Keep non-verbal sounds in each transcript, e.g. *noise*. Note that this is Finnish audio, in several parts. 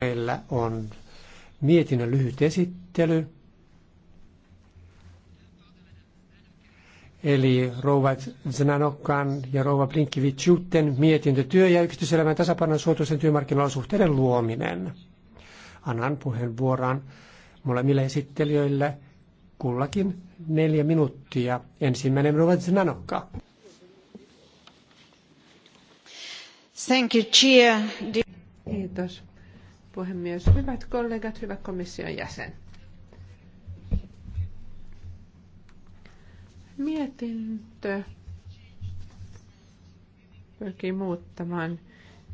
Meillä on mietinnön lyhyt esittely. Eli rouva Zenanokkan ja rouva Blinkivitsjuten mietintö työ- ja yksityiselämän tasapainon suotuisen työmarkkinaolosuhteiden luominen. Annan puheenvuoron molemmille esittelijöille kullakin neljä minuuttia. Ensimmäinen rouva Zenanokka. Thank you, Chia. Kiitos puhemies. Hyvät kollegat, hyvä komission jäsen. Mietintö pyrkii muuttamaan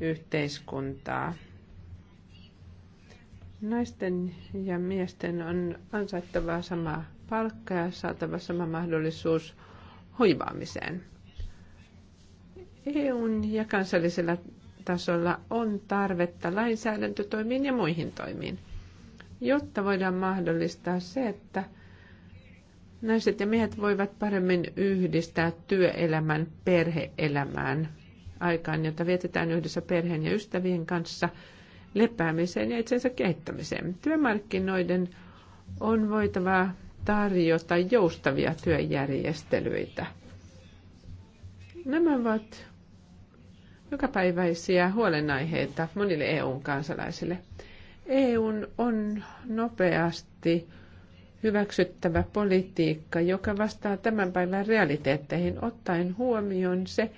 yhteiskuntaa. Naisten ja miesten on ansaittava sama palkka ja saatava sama mahdollisuus hoivaamiseen. EUn ja kansallisella tasolla on tarvetta lainsäädäntötoimiin ja muihin toimiin, jotta voidaan mahdollistaa se, että naiset ja miehet voivat paremmin yhdistää työelämän perheelämään aikaan, jota vietetään yhdessä perheen ja ystävien kanssa lepäämiseen ja itsensä kehittämiseen. Työmarkkinoiden on voitava tarjota joustavia työjärjestelyitä. Nämä ovat jokapäiväisiä huolenaiheita monille eu kansalaisille. EU on nopeasti hyväksyttävä politiikka, joka vastaa tämän päivän realiteetteihin, ottaen huomioon se,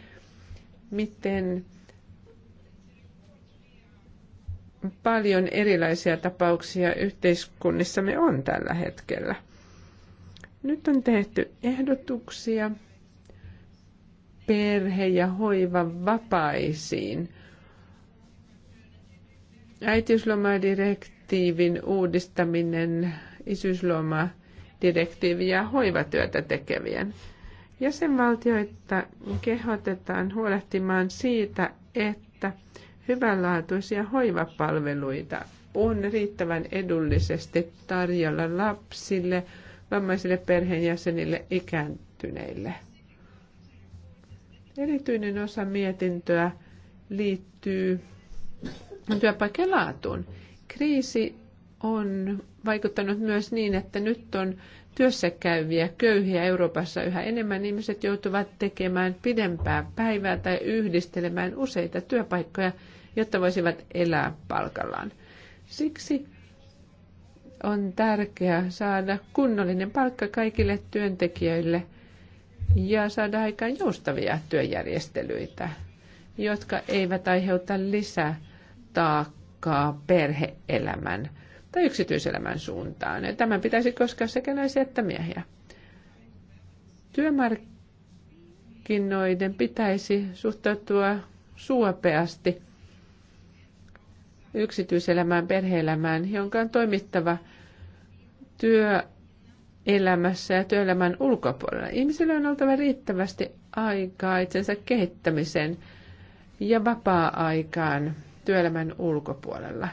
miten paljon erilaisia tapauksia yhteiskunnissamme on tällä hetkellä. Nyt on tehty ehdotuksia, perhe- ja hoivan vapaisiin. Äitiyslomadirektiivin uudistaminen, isyyslomadirektiivi ja hoivatyötä tekevien. Jäsenvaltioita kehotetaan huolehtimaan siitä, että hyvänlaatuisia hoivapalveluita on riittävän edullisesti tarjolla lapsille, vammaisille perheenjäsenille, ikääntyneille. Erityinen osa mietintöä liittyy työpaikan laatuun. Kriisi on vaikuttanut myös niin, että nyt on työssä käyviä köyhiä Euroopassa yhä enemmän. Ihmiset joutuvat tekemään pidempää päivää tai yhdistelemään useita työpaikkoja, jotta voisivat elää palkallaan. Siksi on tärkeää saada kunnollinen palkka kaikille työntekijöille – ja saada aikaan joustavia työjärjestelyitä, jotka eivät aiheuta lisää taakkaa perheelämän tai yksityiselämän suuntaan. Ja tämän pitäisi koskea sekä naisia että miehiä. Työmarkkinoiden pitäisi suhtautua suopeasti yksityiselämään, perheelämään, jonka on toimittava työ elämässä ja työelämän ulkopuolella. Ihmisillä on oltava riittävästi aikaa itsensä kehittämiseen ja vapaa-aikaan työelämän ulkopuolella.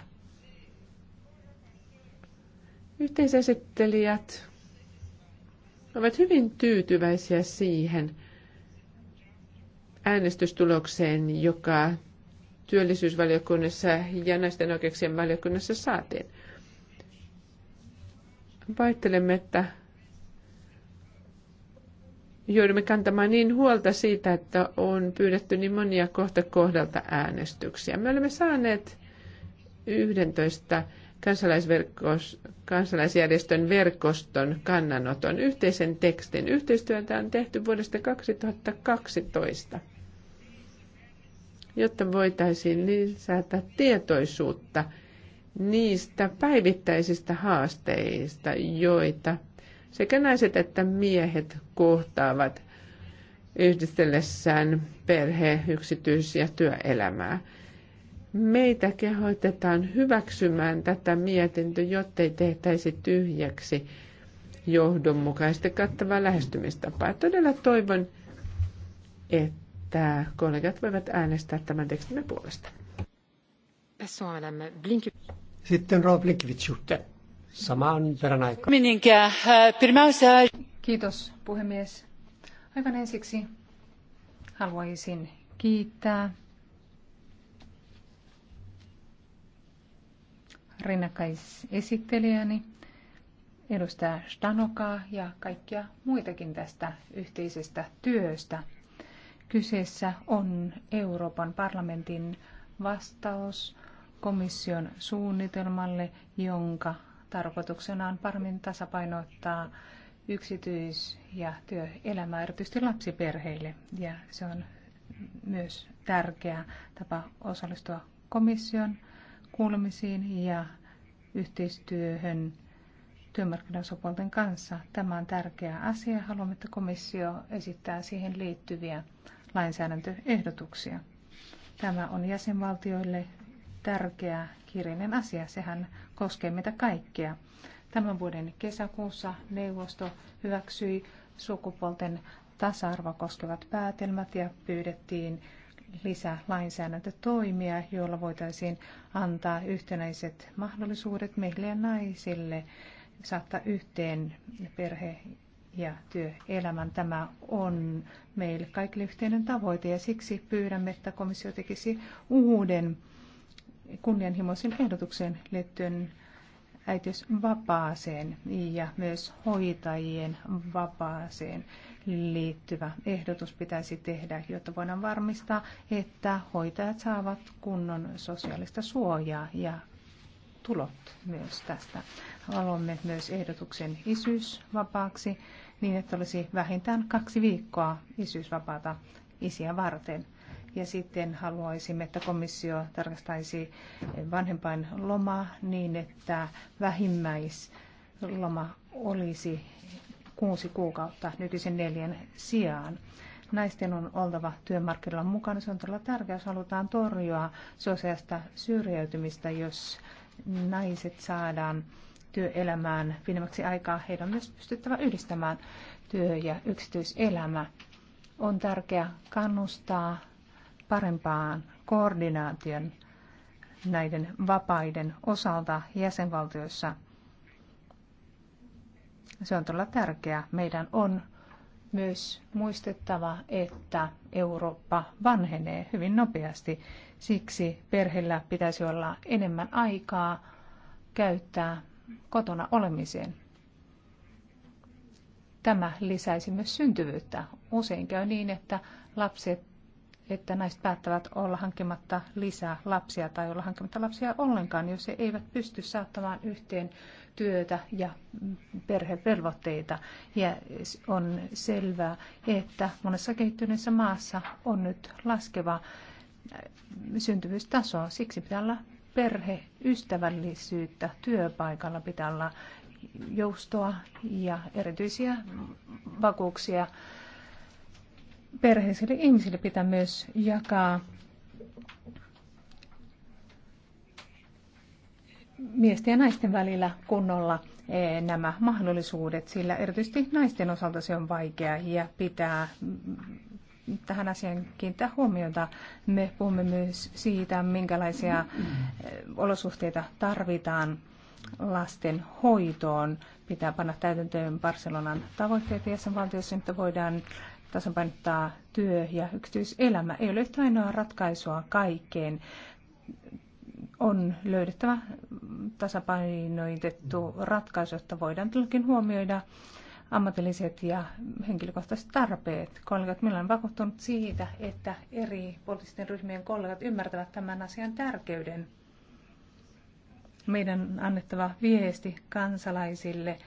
Yhteisesittelijät ovat hyvin tyytyväisiä siihen äänestystulokseen, joka työllisyysvaliokunnassa ja naisten oikeuksien valiokunnassa saatiin. Vaittelemme, että joudumme kantamaan niin huolta siitä, että on pyydetty niin monia kohta kohdalta äänestyksiä. Me olemme saaneet 11 kansalaisjärjestön verkoston kannanoton yhteisen tekstin. Yhteistyötä on tehty vuodesta 2012, jotta voitaisiin lisätä tietoisuutta niistä päivittäisistä haasteista, joita sekä naiset että miehet kohtaavat yhdistellessään perhe, yksityis- ja työelämää. Meitä kehoitetaan hyväksymään tätä mietintö, ei tehtäisi tyhjäksi johdonmukaisesti kattavaa lähestymistapaa. Todella toivon, että kollegat voivat äänestää tämän tekstimme puolesta. Sitten Rob Linkivitsjuutte samaan äh, Kiitos puhemies. Aivan ensiksi haluaisin kiittää rinnakkaisesittelijäni, edustaja Stanokaa ja kaikkia muitakin tästä yhteisestä työstä. Kyseessä on Euroopan parlamentin vastaus komission suunnitelmalle, jonka Tarkoituksena on paremmin tasapainottaa yksityis- ja työelämää erityisesti lapsiperheille ja se on myös tärkeä tapa osallistua komission kuulemisiin ja yhteistyöhön työmarkkinaosapuolten kanssa. Tämä on tärkeä asia. Haluamme, että komissio esittää siihen liittyviä lainsäädäntöehdotuksia. Tämä on jäsenvaltioille tärkeä kirjainen asia. Sehän koskee meitä kaikkia. Tämän vuoden kesäkuussa neuvosto hyväksyi sukupuolten tasa-arvoa koskevat päätelmät ja pyydettiin lainsäädäntötoimia, joilla voitaisiin antaa yhtenäiset mahdollisuudet meille ja naisille saattaa yhteen perhe- ja työelämän. Tämä on meille kaikille yhteinen tavoite ja siksi pyydämme, että komissio tekisi uuden kunnianhimoisen ehdotuksen liittyen äitiysvapaaseen ja myös hoitajien vapaaseen liittyvä ehdotus pitäisi tehdä, jotta voidaan varmistaa, että hoitajat saavat kunnon sosiaalista suojaa ja tulot myös tästä. Haluamme myös ehdotuksen isyysvapaaksi niin, että olisi vähintään kaksi viikkoa isyysvapaata isiä varten. Ja sitten haluaisimme, että komissio tarkastaisi vanhempain loma niin, että vähimmäisloma olisi kuusi kuukautta nykyisen neljän sijaan naisten on oltava työmarkkinoilla mukana. Se on todella tärkeää, jos halutaan torjua sosiaalista syrjäytymistä, jos naiset saadaan työelämään pidemmäksi aikaa. Heidän on myös pystyttävä yhdistämään työ- ja yksityiselämä. On tärkeää kannustaa parempaan koordinaation näiden vapaiden osalta jäsenvaltioissa. Se on todella tärkeää. Meidän on myös muistettava, että Eurooppa vanhenee hyvin nopeasti. Siksi perheellä pitäisi olla enemmän aikaa käyttää kotona olemiseen. Tämä lisäisi myös syntyvyyttä. Usein käy niin, että lapset että naiset päättävät olla hankkimatta lisää lapsia tai olla hankkimatta lapsia ollenkaan, jos he eivät pysty saattamaan yhteen työtä ja perhevelvoitteita. Ja on selvää, että monessa kehittyneessä maassa on nyt laskeva syntyvyystaso. Siksi pitää olla perheystävällisyyttä työpaikalla, pitää olla joustoa ja erityisiä vakuuksia perheisille ihmisille pitää myös jakaa miesten ja naisten välillä kunnolla eh, nämä mahdollisuudet, sillä erityisesti naisten osalta se on vaikea ja pitää mm, tähän asiaan kiinnittää huomiota. Me puhumme myös siitä, minkälaisia eh, olosuhteita tarvitaan lasten hoitoon. Pitää panna täytäntöön Barcelonan tavoitteet valtiossa, että voidaan tasapainottaa työ ja yksityiselämä. Ei ole yhtä ainoa ratkaisua kaikkeen. On löydettävä tasapainoitettu ratkaisu, jotta voidaan tietenkin huomioida ammatilliset ja henkilökohtaiset tarpeet. Kollegat, minä olen vakuuttunut siitä, että eri poliittisten ryhmien kollegat ymmärtävät tämän asian tärkeyden. Meidän on annettava viesti kansalaisille –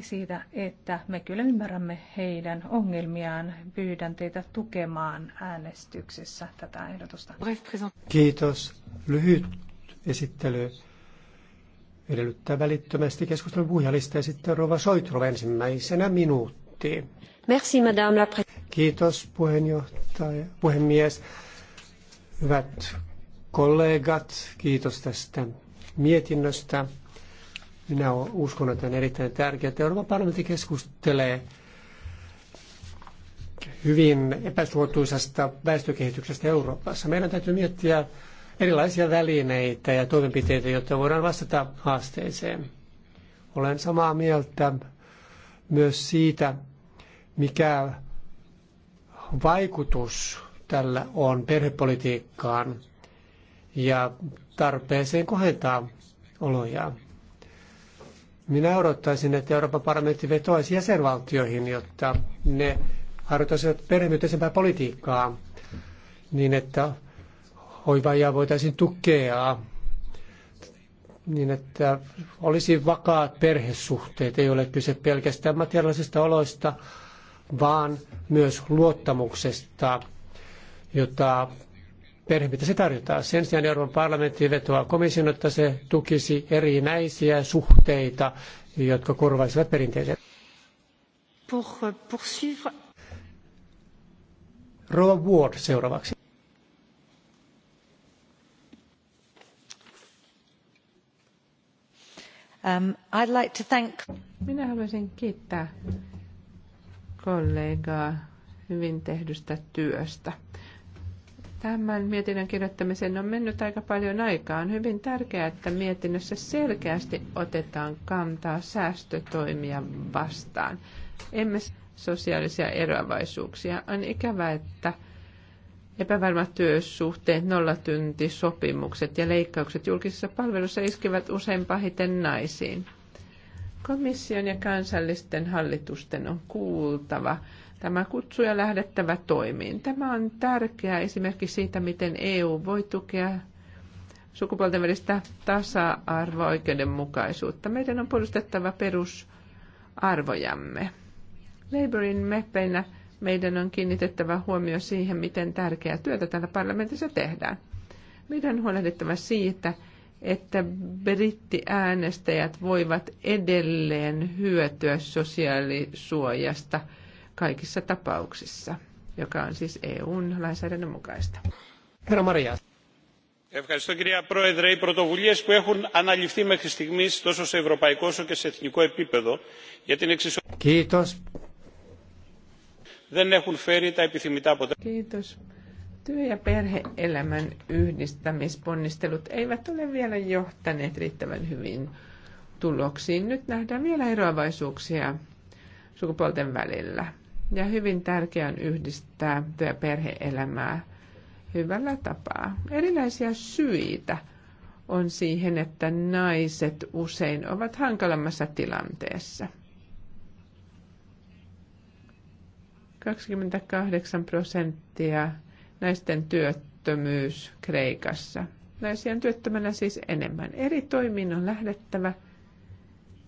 siitä, että me kyllä ymmärrämme heidän ongelmiaan. Pyydän teitä tukemaan äänestyksessä tätä ehdotusta. Kiitos. Lyhyt esittely edellyttää välittömästi keskustelun puhujalista ja sitten Rova Soitrova ensimmäisenä minuuttiin. Merci, madame la Kiitos puheenjohtaja, puhemies. Hyvät kollegat, kiitos tästä mietinnöstä. Minä uskon, että on erittäin tärkeää, että Euroopan parlamentti keskustelee hyvin epäsuotuisasta väestökehityksestä Euroopassa. Meidän täytyy miettiä erilaisia välineitä ja toimenpiteitä, jotta voidaan vastata haasteeseen. Olen samaa mieltä myös siitä, mikä vaikutus tällä on perhepolitiikkaan ja tarpeeseen kohentaa oloja. Minä odottaisin, että Euroopan parlamentti vetoaisi jäsenvaltioihin, jotta ne harjoittaisivat perhemyteisempää politiikkaa niin, että hoivaajia voitaisiin tukea niin, että olisi vakaat perhesuhteet. Ei ole kyse pelkästään materiaalisista oloista, vaan myös luottamuksesta, jota Perheen se tarjotaan Sen sijaan Euroopan parlamentti vetoaa komission, että se tukisi erinäisiä suhteita, jotka korvaisivat perinteiset. Pour, euh, poursuivre... Rova Ward seuraavaksi. Um, I'd like to thank... Minä haluaisin kiittää kollegaa hyvin tehdystä työstä. Tämän mietinnön kirjoittamiseen on mennyt aika paljon aikaa. On hyvin tärkeää, että mietinnössä selkeästi otetaan kantaa säästötoimia vastaan. Emme sosiaalisia eroavaisuuksia. On ikävä, että epävarmat työsuhteet, nollatyntisopimukset ja leikkaukset julkisissa palveluissa iskevät usein pahiten naisiin. Komission ja kansallisten hallitusten on kuultava tämä kutsu ja lähdettävä toimiin. Tämä on tärkeä esimerkki siitä, miten EU voi tukea sukupuolten välistä tasa-arvoa oikeudenmukaisuutta. Meidän on puolustettava perusarvojamme. Labourin meppeinä meidän on kiinnitettävä huomio siihen, miten tärkeää työtä täällä parlamentissa tehdään. Meidän on huolehdittava siitä, että brittiäänestäjät voivat edelleen hyötyä sosiaalisuojasta – kaikissa tapauksissa, joka on siis EUn lainsäädännön mukaista. Herra Maria. Ευχαριστώ κυρία Πρόεδρε. Οι πρωτοβουλίες που έχουν αναλυφθεί μέχρι στιγμής τόσο σε ευρωπαϊκό όσο και σε εθνικό επίπεδο για την εξισορροπή δεν έχουν φέρει τα επιθυμητά αποτελέσματα. Työ- ja perhe-elämän yhdistämisponnistelut eivät ole vielä johtaneet riittävän hyvin tuloksiin. Nyt nähdään vielä eroavaisuuksia sukupuolten välillä. Ja hyvin tärkeää on yhdistää työ- perhe-elämää hyvällä tapaa. Erilaisia syitä on siihen, että naiset usein ovat hankalammassa tilanteessa. 28 prosenttia naisten työttömyys Kreikassa. Naisia on työttömänä siis enemmän. Eri toimiin on lähdettävä –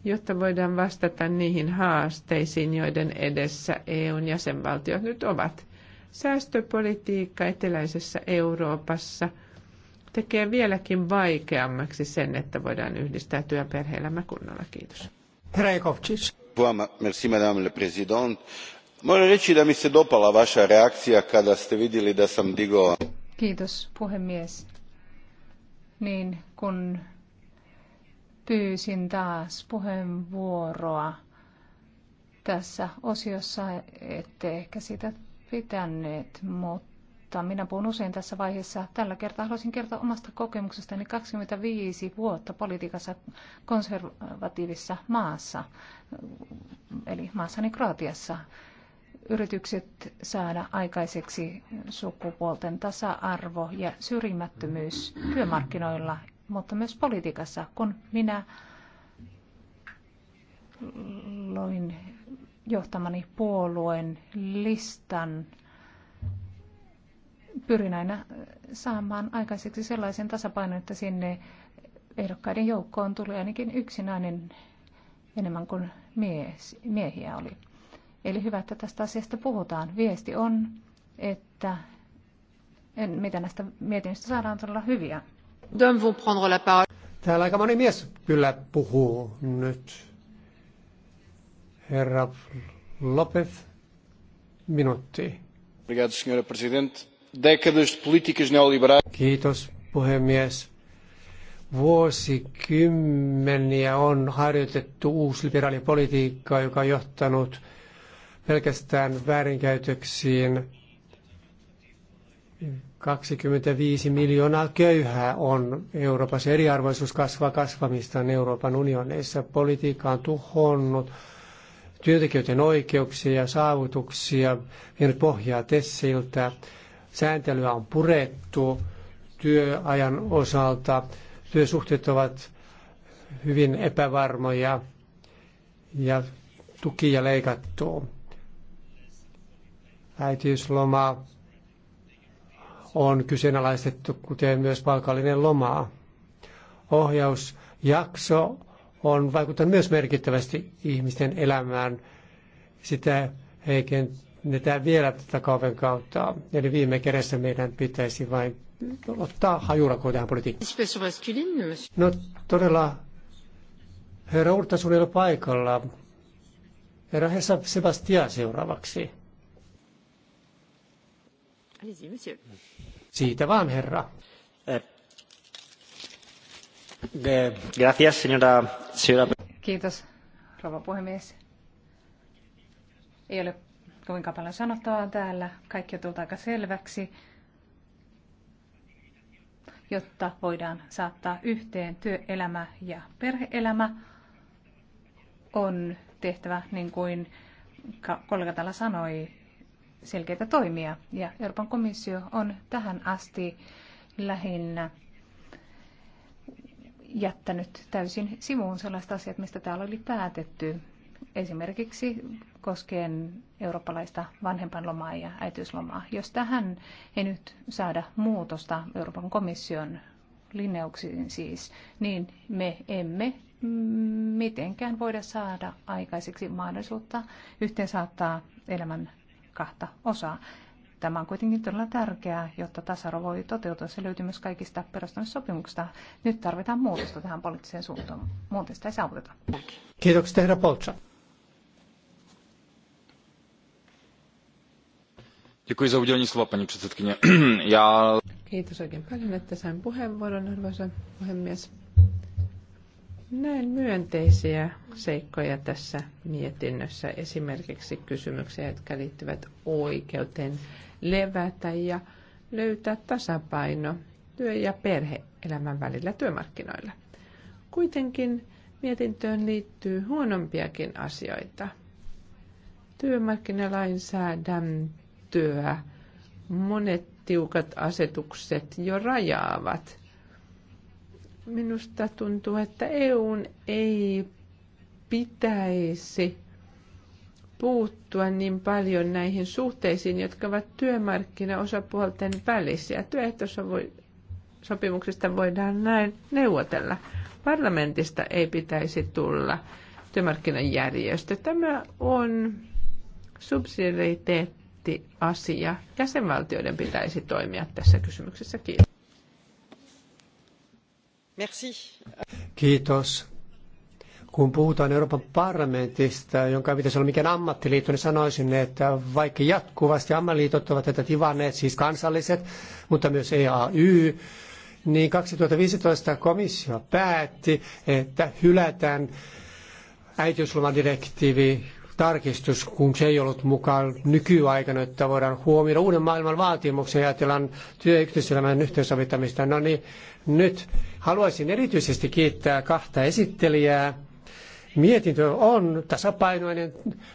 jotta voidaan vastata niihin haasteisiin, joiden edessä EUn jäsenvaltiot nyt ovat. Säästöpolitiikka eteläisessä Euroopassa tekee vieläkin vaikeammaksi sen, että voidaan yhdistää työ perhe-elämä kunnolla. Kiitos. Merci, madame le président. Moram reći da mi se dopala vaša reakcija kada ste vidjeli da sam Kiitos, puhemies. Niin, kun pyysin taas puheenvuoroa tässä osiossa, ette ehkä sitä pitäneet, mutta minä puhun usein tässä vaiheessa. Tällä kertaa haluaisin kertoa omasta kokemuksestani 25 vuotta politiikassa konservatiivisessa maassa, eli maassani Kroatiassa. Yritykset saada aikaiseksi sukupuolten tasa-arvo ja syrjimättömyys työmarkkinoilla mutta myös politiikassa. Kun minä loin johtamani puolueen listan, pyrin aina saamaan aikaiseksi sellaisen tasapainon, että sinne ehdokkaiden joukkoon tuli ainakin yksi nainen enemmän kuin mies, miehiä oli. Eli hyvä, että tästä asiasta puhutaan. Viesti on, että en, mitä näistä mietinnöistä saadaan todella hyviä. Täällä aika moni mies kyllä puhuu nyt. Herra Lopez, minuutti. Kiitos, puhemies. Vuosikymmeniä on harjoitettu uusliberaalipolitiikkaa, joka on johtanut pelkästään väärinkäytöksiin 25 miljoonaa köyhää on Euroopassa. Eriarvoisuus kasvaa kasvamistaan Euroopan unioneissa. Politiikka on tuhonnut työntekijöiden oikeuksia ja saavutuksia, vienyt pohjaa Tessiltä. Sääntelyä on purettu työajan osalta. Työsuhteet ovat hyvin epävarmoja ja tukia leikattu. Äitiysloma on kyseenalaistettu, kuten myös palkallinen lomaa. Ohjausjakso on vaikuttanut myös merkittävästi ihmisten elämään. Sitä heikennetään vielä tätä kauven kautta. Eli viime kädessä meidän pitäisi vain ottaa hajurakoon tähän politiikkaan. No todella, herra Urta, sinulla paikalla. Herra Hesa Sebastian seuraavaksi. Allez-y, monsieur. Siitä vaan, herra. Eh, gracias, señora, señora. Kiitos, rouva puhemies. Ei ole kovinkaan paljon sanottavaa täällä. Kaikki on tullut aika selväksi, jotta voidaan saattaa yhteen työelämä ja perheelämä. On tehtävä, niin kuin kollega täällä sanoi, selkeitä toimia. Ja Euroopan komissio on tähän asti lähinnä jättänyt täysin sivuun sellaiset asiat, mistä täällä oli päätetty. Esimerkiksi koskien eurooppalaista vanhempanlomaa ja äitiyslomaa. Jos tähän ei nyt saada muutosta Euroopan komission linjauksiin siis, niin me emme mitenkään voida saada aikaiseksi mahdollisuutta yhteen saattaa elämän kahta osaa. Tämä on kuitenkin todella tärkeää, jotta tasa-arvo voi toteutua. Se löytyy myös kaikista perustamissopimuksista. Nyt tarvitaan muutosta tähän poliittiseen suuntaan. Muuten sitä ei saavuteta. Kiitoksia, herra Poltsa. *clears throat* Kiitos oikein paljon, että sain puheenvuoron, arvoisa puhemies. Näin myönteisiä seikkoja tässä mietinnössä, esimerkiksi kysymyksiä, jotka liittyvät oikeuteen levätä ja löytää tasapaino työ- ja perheelämän välillä työmarkkinoilla. Kuitenkin mietintöön liittyy huonompiakin asioita. Työmarkkinalainsäädäntöä monet tiukat asetukset jo rajaavat – Minusta tuntuu, että EUn ei pitäisi puuttua niin paljon näihin suhteisiin, jotka ovat työmarkkinaosapuolten välisiä. Työehtosopimuksista voidaan näin neuvotella. Parlamentista ei pitäisi tulla työmarkkinajärjestö. Tämä on subsidiariteettiasia. Jäsenvaltioiden pitäisi toimia tässä kysymyksessä. Kiitos. Merci. Kiitos. Kun puhutaan Euroopan parlamentista, jonka pitäisi olla mikään ammattiliitto, niin sanoisin, että vaikka jatkuvasti ammattiliitot ovat tätä tivanneet, siis kansalliset, mutta myös EAY, niin 2015 komissio päätti, että hylätään äitiyslomadirektiivi tarkistus, kun se ei ollut mukaan nykyaikana, että voidaan huomioida uuden maailman vaatimuksen ja ajatellaan työ- ja yhteisöelämän yhteensovittamista. No niin, nyt Haluaisin erityisesti kiittää kahta esittelijää. Mietintö on tasapainoinen,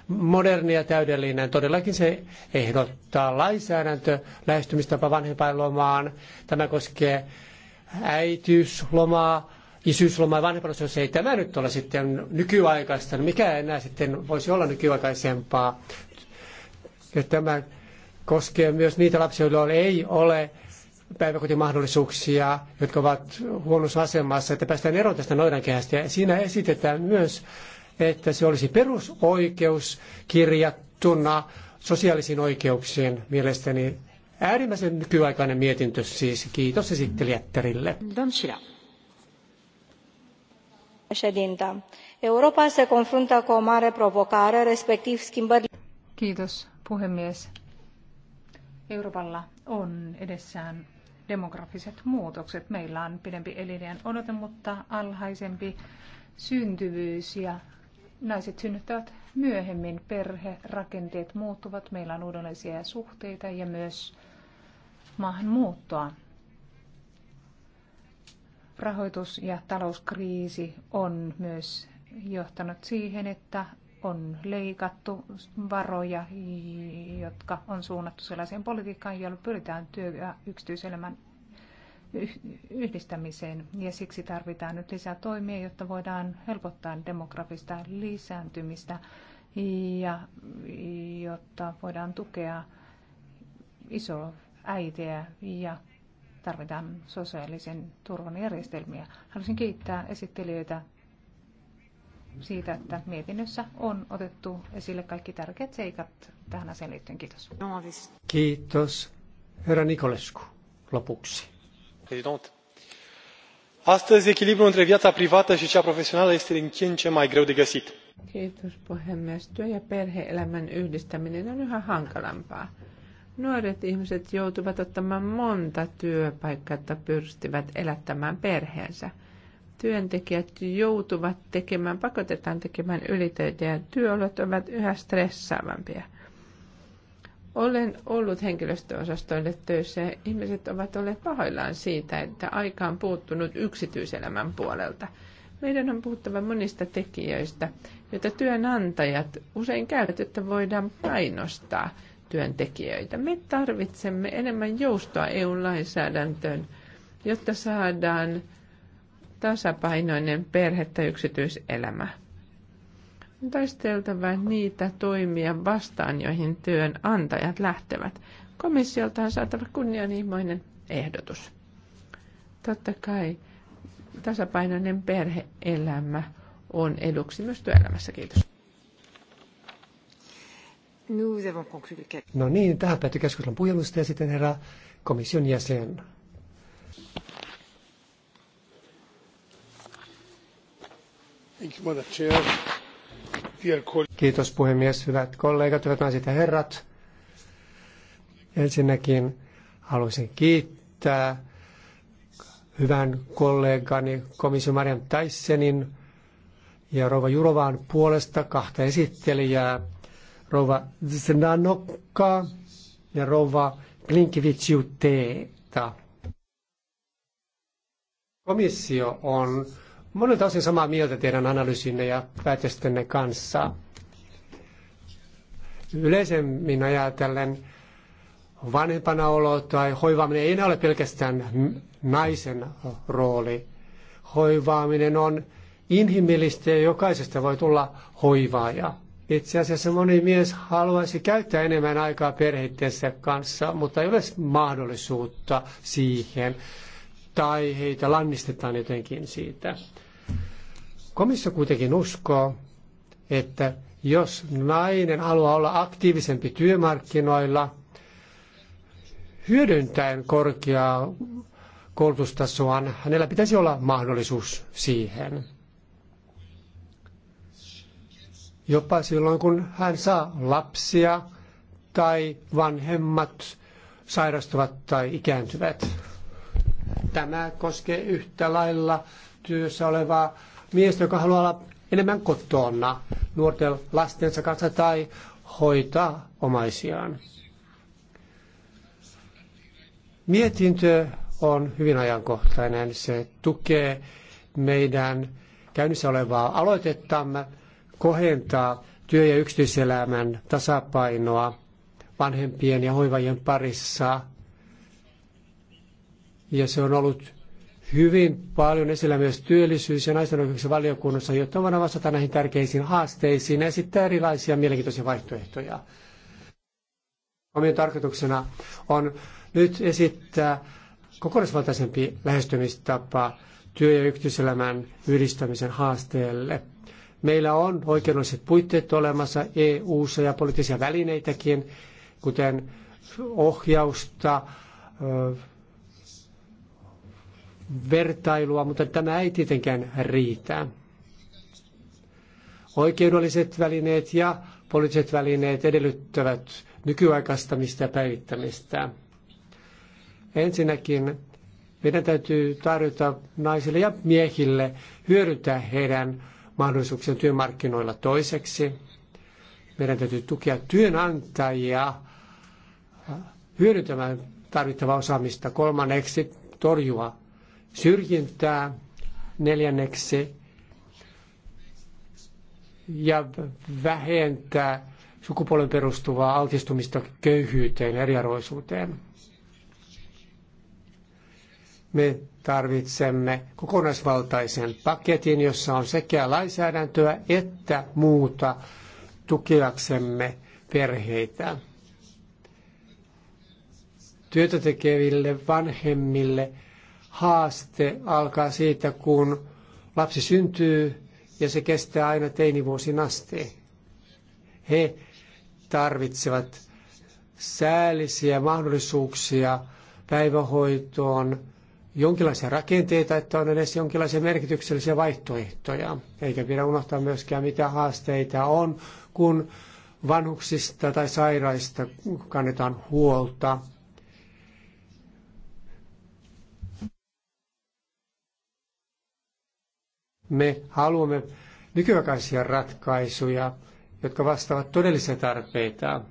moderni ja täydellinen. Todellakin se ehdottaa lainsäädäntö, lähestymistapa vanhempainlomaan. Tämä koskee äitiyslomaa, isyyslomaa, vanhempainlomaa. Jos ei tämä nyt ole sitten nykyaikaista, niin mikä enää sitten voisi olla nykyaikaisempaa? Ja tämä koskee myös niitä lapsia, joilla ei ole päiväkotimahdollisuuksia, jotka ovat huonossa asemassa, että päästään eroon tästä noidankehästä. Ja siinä esitetään myös, että se olisi perusoikeus kirjattuna sosiaalisiin oikeuksiin mielestäni. Äärimmäisen nykyaikainen mietintö siis. Kiitos esittelijä Europa Kiitos, puhemies. Euroopalla on edessään demografiset muutokset. Meillä on pidempi elinjään odote, mutta alhaisempi syntyvyys ja naiset synnyttävät myöhemmin. Perherakenteet muuttuvat, meillä on uudenlaisia suhteita ja myös maahanmuuttoa. Rahoitus- ja talouskriisi on myös johtanut siihen, että on leikattu varoja, jotka on suunnattu sellaiseen politiikkaan, jolla pyritään työ- ja yksityiselämän yhdistämiseen. Ja siksi tarvitaan nyt lisää toimia, jotta voidaan helpottaa demografista lisääntymistä ja jotta voidaan tukea iso äitiä ja tarvitaan sosiaalisen turvan järjestelmiä. Haluaisin kiittää esittelijöitä siitä, että mietinnössä on otettu esille kaikki tärkeät seikat tähän asiaan liittyen. Kiitos. Kiitos. Herra Nikolescu, lopuksi. President. Astăzi, echilibrul între viața privată și cea profesională este din ce în ce mai greu de găsit. Kiitos puhemies. Työ- ja perhe-elämän yhdistäminen on yhä hankalampaa. Nuoret ihmiset joutuvat ottamaan monta työpaikkaa, että pyrstivät elättämään perheensä – työntekijät joutuvat tekemään, pakotetaan tekemään ylitöitä ja työolot ovat yhä stressaavampia. Olen ollut henkilöstöosastoille töissä ja ihmiset ovat olleet pahoillaan siitä, että aika on puuttunut yksityiselämän puolelta. Meidän on puhuttava monista tekijöistä, joita työnantajat usein käyvät, että voidaan painostaa työntekijöitä. Me tarvitsemme enemmän joustoa EU-lainsäädäntöön, jotta saadaan tasapainoinen perhe- tai yksityiselämä. On taisteltava niitä toimia vastaan, joihin työnantajat lähtevät. Komissiolta on saatava kunnianhimoinen ehdotus. Totta kai tasapainoinen perheelämä on eduksi myös työelämässä. Kiitos. No niin, tähän päättyy keskustelun puhelusta ja sitten herra komission jäsen. Kiitos puhemies, hyvät kollegat, hyvät naiset ja herrat. Ensinnäkin haluaisin kiittää hyvän kollegani komission Marian Taissenin ja rouva Jurovaan puolesta kahta esittelijää, rouva Znanokka ja rouva Klinkivitsiuteeta. Komissio on monelta osin siis samaa mieltä teidän analyysinne ja päätöstenne kanssa. Yleisemmin ajatellen olo tai hoivaaminen ei enää ole pelkästään naisen rooli. Hoivaaminen on inhimillistä ja jokaisesta voi tulla hoivaaja. Itse asiassa moni mies haluaisi käyttää enemmän aikaa perheittensä kanssa, mutta ei ole mahdollisuutta siihen tai heitä lannistetaan jotenkin siitä. Komissio kuitenkin uskoo, että jos nainen haluaa olla aktiivisempi työmarkkinoilla, hyödyntäen korkeaa koulutustasoa, hänellä pitäisi olla mahdollisuus siihen. Jopa silloin, kun hän saa lapsia tai vanhemmat sairastuvat tai ikääntyvät. Tämä koskee yhtä lailla työssä olevaa miestä, joka haluaa olla enemmän kotona nuorten lastensa kanssa tai hoitaa omaisiaan. Mietintö on hyvin ajankohtainen. Se tukee meidän käynnissä olevaa aloitettamme kohentaa työ- ja yksityiselämän tasapainoa vanhempien ja hoivajien parissa ja se on ollut hyvin paljon esillä myös työllisyys- ja naisten oikeuksien valiokunnassa, jotta voidaan vastata näihin tärkeisiin haasteisiin ja esittää erilaisia mielenkiintoisia vaihtoehtoja. Omien tarkoituksena on nyt esittää kokonaisvaltaisempi lähestymistapa työ- ja yksityiselämän yhdistämisen haasteelle. Meillä on oikeudelliset puitteet olemassa eu ja poliittisia välineitäkin, kuten ohjausta, vertailua, mutta tämä ei tietenkään riitä. Oikeudelliset välineet ja poliittiset välineet edellyttävät nykyaikaistamista ja päivittämistä. Ensinnäkin meidän täytyy tarjota naisille ja miehille hyödyntää heidän mahdollisuuksien työmarkkinoilla toiseksi. Meidän täytyy tukea työnantajia hyödyntämään tarvittavaa osaamista. Kolmanneksi torjua syrjintää neljänneksi ja vähentää sukupuolen perustuvaa altistumista köyhyyteen ja eriarvoisuuteen. Me tarvitsemme kokonaisvaltaisen paketin, jossa on sekä lainsäädäntöä että muuta tukiaksemme perheitä. Työtä tekeville vanhemmille – haaste alkaa siitä, kun lapsi syntyy ja se kestää aina teinivuosin asti. He tarvitsevat säällisiä mahdollisuuksia päivähoitoon, jonkinlaisia rakenteita, että on edes jonkinlaisia merkityksellisiä vaihtoehtoja. Eikä pidä unohtaa myöskään, mitä haasteita on, kun vanhuksista tai sairaista kannetaan huolta. Me haluamme nykyaikaisia ratkaisuja, jotka vastaavat todellisia tarpeita.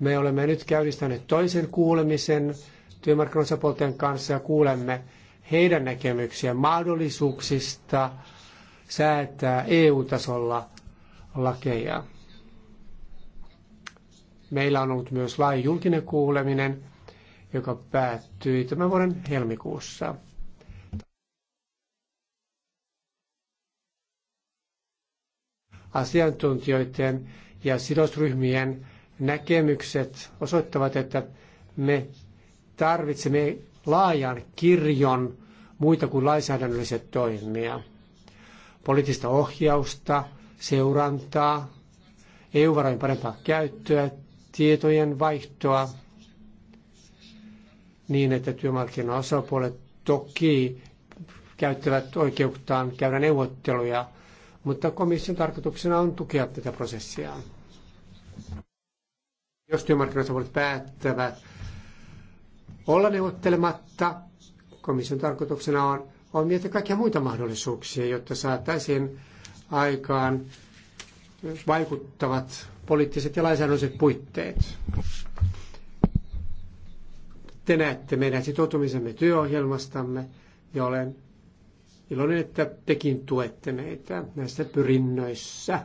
Me olemme nyt käynnistäneet toisen kuulemisen työmarkkinoisapuolten kanssa ja kuulemme heidän näkemyksiä mahdollisuuksista säätää EU-tasolla lakeja. Meillä on ollut myös lain julkinen kuuleminen, joka päättyi tämän vuoden helmikuussa. asiantuntijoiden ja sidosryhmien näkemykset osoittavat, että me tarvitsemme laajan kirjon muita kuin lainsäädännölliset toimia. Poliittista ohjausta, seurantaa, EU-varojen parempaa käyttöä, tietojen vaihtoa, niin että työmarkkinaosapuolet toki käyttävät oikeuttaan käydä neuvotteluja – mutta komission tarkoituksena on tukea tätä prosessia. Jos työmarkkinaosapuolet päättävät olla neuvottelematta, komission tarkoituksena on, on miettiä kaikkia muita mahdollisuuksia, jotta saataisiin aikaan vaikuttavat poliittiset ja lainsäädännölliset puitteet. Te näette meidän sitoutumisemme työohjelmastamme ja olen Iloinen, että tekin tuette meitä näissä pyrinnöissä.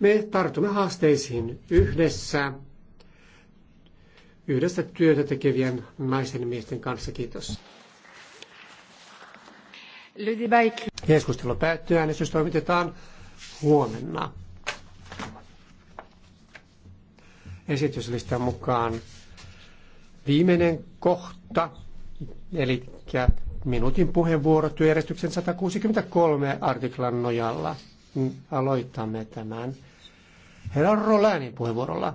Me tartumme haasteisiin yhdessä, yhdessä työtä tekevien naisen ja miesten kanssa. Kiitos. Keskustelu päättyy. Äänestys toimitetaan huomenna. Esityslistan mukaan viimeinen kohta, eli minuutin puheenvuoro työjärjestyksen 163 artiklan nojalla. Aloitamme tämän. Herra Rolänin puheenvuorolla.